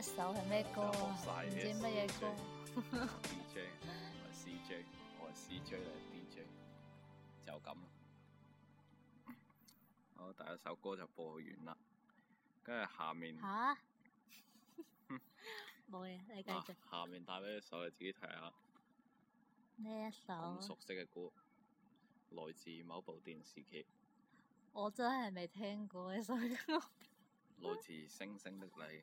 一首係咩歌唔、啊、知乜嘢歌。 DJ， 我係 CJ，我係 CJ，我係 DJ，就咁 好，第一首歌就播完啦。跟住下面，吓、啊？冇 嘢，你繼續、啊。下面帶俾一首，你自己睇下。呢一首？咁熟悉嘅歌，來自某部電視劇。我真係未聽過呢首歌。來 自星星的你。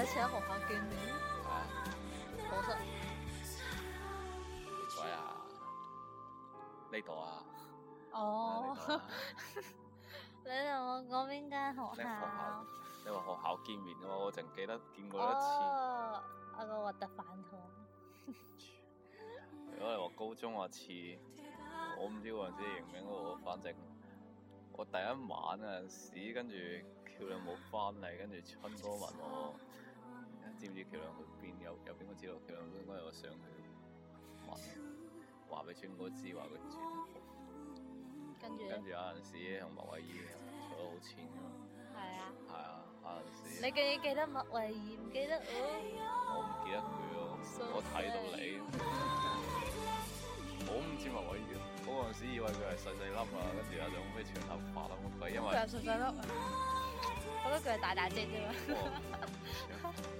之前喺學校見面，好好啊，好、oh. 鬼啊？呢度啊？哦，你同我講邊間學校？你話學校見面嘅，我淨記得見過一次，一個一個核突飯堂。如果係話高中一，啊，次，我唔知嗰時認唔認得我。反正我第一晚啊，屎，跟住跳兩冇翻嚟，跟住春哥問我。知唔知佢兩去邊？有有邊個知道？佢兩個應該有上去，話話俾村哥知，話俾村哥。跟住跟住有陣時同莫慧怡坐得好黐啊。係啊。係啊，有陣時。你記唔記得莫慧怡？唔記得我。我唔記得佢咯，我睇到你。我唔知莫慧怡，我嗰陣時以為佢係細細粒啊，跟住有兩咩以長頭跑咯，可以嘛？我唔會出聲咯，我佢叫大大姐姐嘛。